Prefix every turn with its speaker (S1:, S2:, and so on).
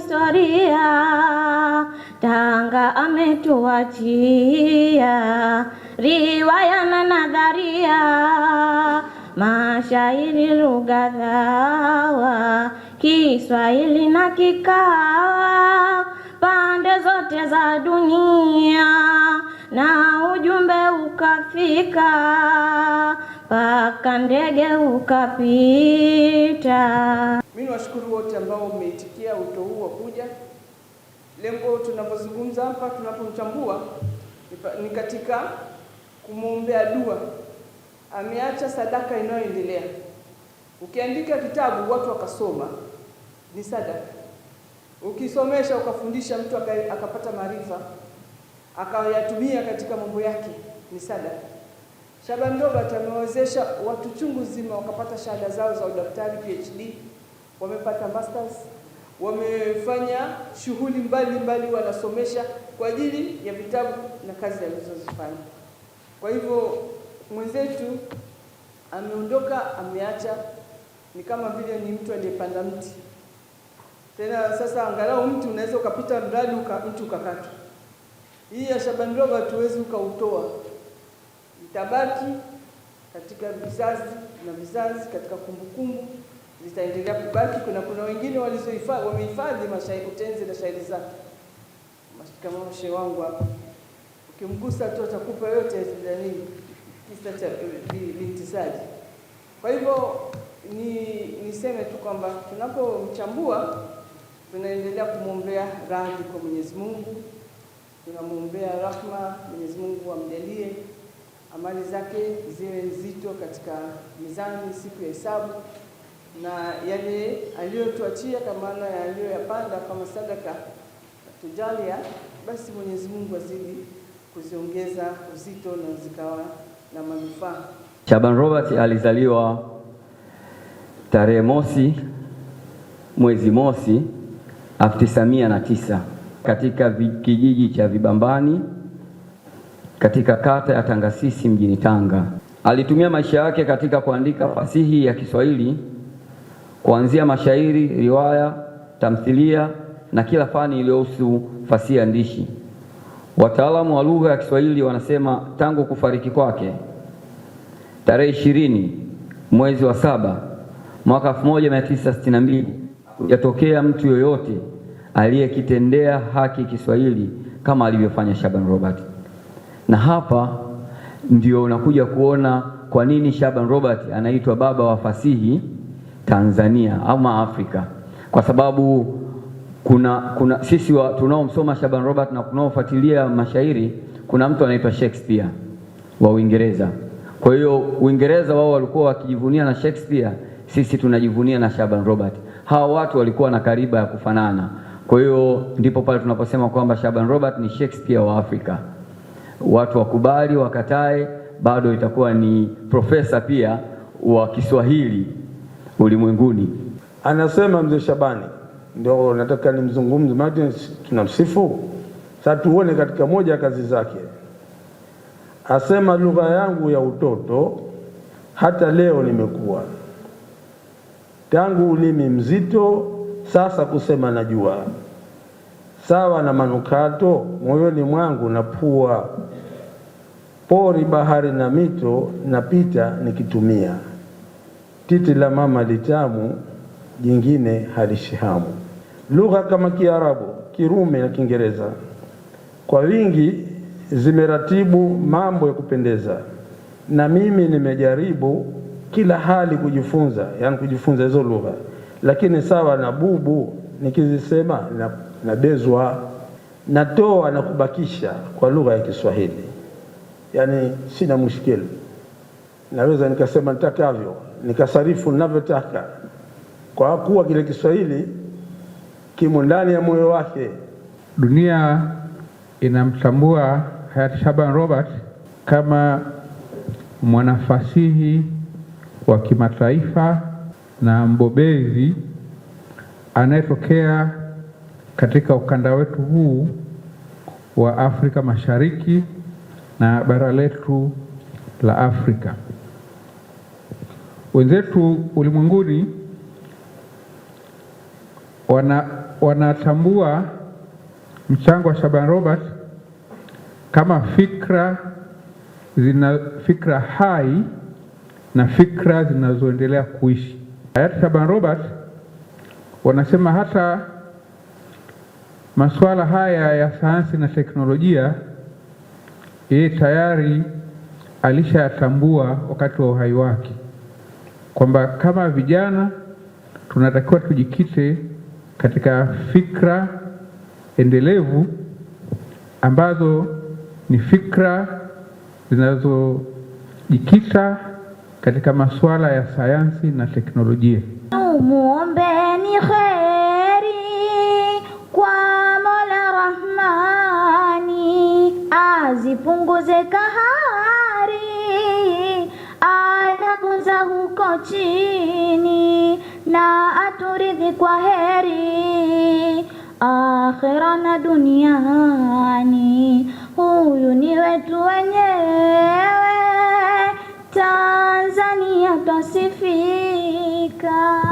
S1: historia, Tanga ametuachia riwaya na nadharia, mashairi, lugha dhawa, Kiswahili na kikawa, pande zote za dunia na ujumbe ukafika mpaka ndege ukapita
S2: niwashukuru wote ambao umeitikia wito huu wa kuja. Lengo tunapozungumza hapa, tunapomchambua ni katika kumwombea dua, ameacha sadaka inayoendelea. Ukiandika kitabu watu wakasoma ni sadaka, ukisomesha ukafundisha, mtu akapata maarifa akayatumia katika mambo yake ni sadaka. Shaban Robert amewezesha watu chungu zima wakapata shahada zao za udaktari PhD wamepata masters, wamefanya shughuli mbalimbali, wanasomesha kwa ajili ya vitabu na kazi alizozifanya. Kwa hivyo mwenzetu ameondoka, ameacha ni kama vile ni mtu aliyepanda mti tena. Sasa angalau mti unaweza ukapita mradi uka, mti ukakatwa. Hii ya Shaban Robber hatuwezi ukautoa, itabaki katika vizazi na vizazi, katika kumbukumbu kumbu zitaendelea kubaki. Kuna kuna wengine walizohifadhi wamehifadhi mashairi utenzi na shairi zake kama mshe wangu hapa, ukimgusa tu atakupa yote nini, kisa cha binti Kwa hivyo ni niseme tu kwamba tunapomchambua tunaendelea kumwombea radhi kwa Mwenyezi Mungu, tunamwombea rahma Mwenyezi Mungu amjalie amali zake ziwe nzito katika mizani siku ya hesabu na yale aliyotuachia kwa maana ya aliyoyapanda kama sadaka tujalia, basi Mwenyezi Mungu azidi kuziongeza uzito na zikawa na manufaa.
S3: Shaban Robert alizaliwa tarehe mosi mwezi mosi 1909 katika kijiji cha Vibambani katika kata ya Tangasisi mjini Tanga. Alitumia maisha yake katika kuandika fasihi ya Kiswahili kuanzia mashairi, riwaya, tamthilia na kila fani iliyohusu fasihi ya andishi. Wataalamu wa lugha ya Kiswahili wanasema tangu kufariki kwake tarehe ishirini mwezi wa saba mwaka 1962 yatokea mtu yoyote aliyekitendea haki Kiswahili kama alivyofanya Shaban Robert, na hapa ndio unakuja kuona kwa nini Shaban Robert anaitwa baba wa fasihi. Tanzania ama Afrika, kwa sababu kuna kuna sisi tunaomsoma Shaban Robert na kunaofuatilia mashairi, kuna mtu anaitwa Shakespeare wa Uingereza. Kwa hiyo Uingereza wao walikuwa wakijivunia na Shakespeare, sisi tunajivunia na Shaban Robert. Hawa watu walikuwa na kariba ya kufanana. Kwa hiyo ndipo pale tunaposema kwamba Shaban Robert ni Shakespeare wa Afrika. Watu wakubali wakatae, bado itakuwa ni profesa pia wa Kiswahili ulimwenguni.
S4: Anasema mzee Shabani, ndio nataka nimzungumze, maana tunamsifu sasa. Tuone katika moja ya kazi zake, asema lugha yangu ya utoto hata leo nimekuwa tangu ulimi mzito, sasa kusema najua, sawa na manukato moyoni mwangu napua pori bahari na mito napita nikitumia Titi la mama litamu, jingine halishihamu. Lugha kama Kiarabu, Kirumi na Kiingereza kwa wingi zimeratibu mambo ya kupendeza, na mimi nimejaribu kila hali kujifunza, yani kujifunza hizo lugha, lakini sawa na bubu nikizisema na, nabezwa natoa na kubakisha kwa lugha ya Kiswahili, yani sina mushkeli, naweza nikasema nitakavyo nikasarifu ninavyotaka, kwa kuwa kile Kiswahili kimo ndani ya moyo wake.
S5: Dunia inamtambua hayati Shaban Robert kama mwanafasihi wa kimataifa na mbobezi anayetokea katika ukanda wetu huu wa Afrika Mashariki na bara letu la Afrika. Wenzetu ulimwenguni wana, wanatambua mchango wa Shaban Robert kama fikra zina fikra hai na fikra zinazoendelea kuishi. Hayati Shaban Robert wanasema hata masuala haya ya sayansi na teknolojia yeye tayari alishayatambua wakati wa uhai wake kwamba kama vijana tunatakiwa tujikite katika fikra endelevu ambazo ni fikra zinazojikita katika masuala ya sayansi na teknolojia.
S6: Muombeni kheri kwa Mola Rahmani azipunguze kahawa. huko chini na aturidhi kwa heri akhira na duniani. Huyu ni wetu wenyewe, Tanzania twasifika.